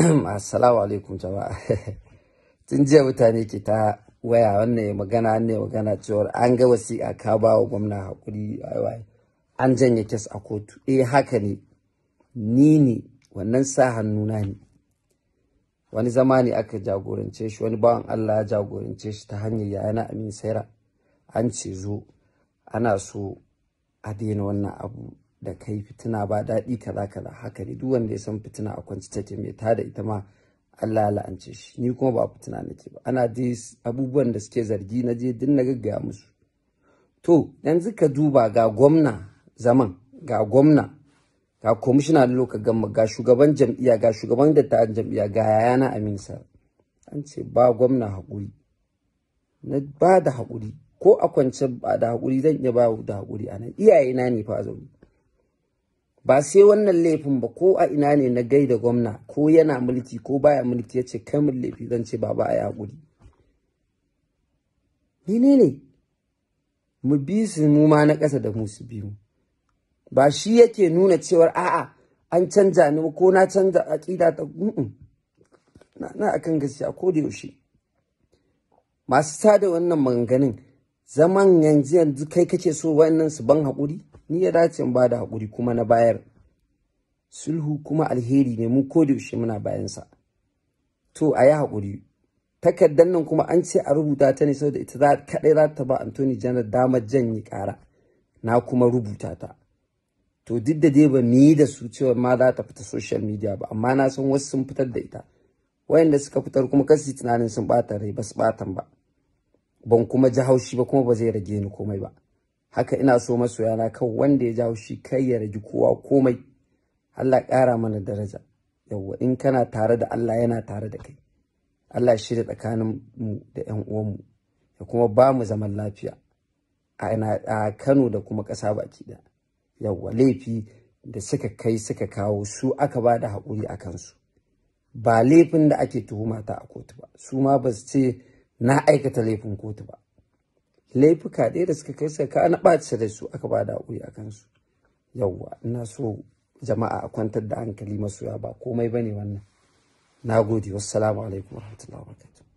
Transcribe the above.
assalamu alaikum jama'a tun jiya mutane ke ta waya wannan ya magana ne magana cewar an ga wasiƙa ka ba wa gwamna hakuri an janye kes a kotu eh haka ne ni ne wannan sa hannuna ne wani zama ne aka jagorance shi wani bawan Allah ya jagorance shi ta hanyar yana amin saira an ce zo ana so a daina wannan abu da kai fitina ba daɗi kaza kaza haka ne duk wanda ya san fitina a kwanci take mai da ita ma Allah ya la'ance shi ni kuma ba fitina nake ba ana je abubuwan da suke zargi na je din na gaggaya musu to yanzu ka duba ga gwamna zaman ga gwamna ga komishina da lokacin gamma ga shugaban jam'iyya ga shugaban ta jam'iyya ga yayana aminsa an ce ba gwamna haƙuri na ba da haƙuri ko a kwance ba da haƙuri zan iya ba da haƙuri anan. iyayena ne fa zaune ba sai wannan laifin ba ko a ina ne na gaida gwamna ko yana mulki ko baya mulki ya ce kai mun laifi zan ce baba a yaƙuri ne ne mu bi su mu ma na ƙasa da mu su biyu ba shi yake nuna cewar a'a an canja ni ko na canza aƙida ta na akan gaskiya ko da yaushe masu sada wannan maganganun zaman yanzu yanzu kai kake so wayannan su ban haƙuri ni ya dace in bada hakuri kuma na bayar sulhu kuma alheri ne mu ko da yaushe muna bayansa to a yi hakuri takardar nan kuma an ce a rubuta ta ne saboda ita za kaɗai za ta ba Anthony Janar damar janye kara na kuma rubuta ta to duk da dai ba ni da su cewa ma za ta fita social media ba amma na san wasu sun fitar da ita wayanda suka fitar kuma kasi tunanin sun ɓata rai ba su ɓatan ba ban kuma ji haushi ba kuma ba zai rage ni komai ba haka ina so masoyana kan wanda ya jawo shi kai ya ragi kowa komai Allah kara mana daraja yawwa in kana tare da Allah yana tare da kai Allah shirya tsakanin mu da ƴan uwanmu ya kuma ba mu zaman lafiya a Kano da kuma ƙasa baki da yawwa laifi da suka kai suka kawo su aka ba da haƙuri a kansu ba laifin da ake tuhuma ta a kotu ba su ma ba su ce na aikata laifin kotu ba laifuka ɗaya da suka kai suka ka na su da su aka ba da haƙuri a kansu yauwa ina so jama'a a kwantar da hankali masoya ba komai bane wannan na gode wassalamu alaikum warahmatullahi wabarakatuh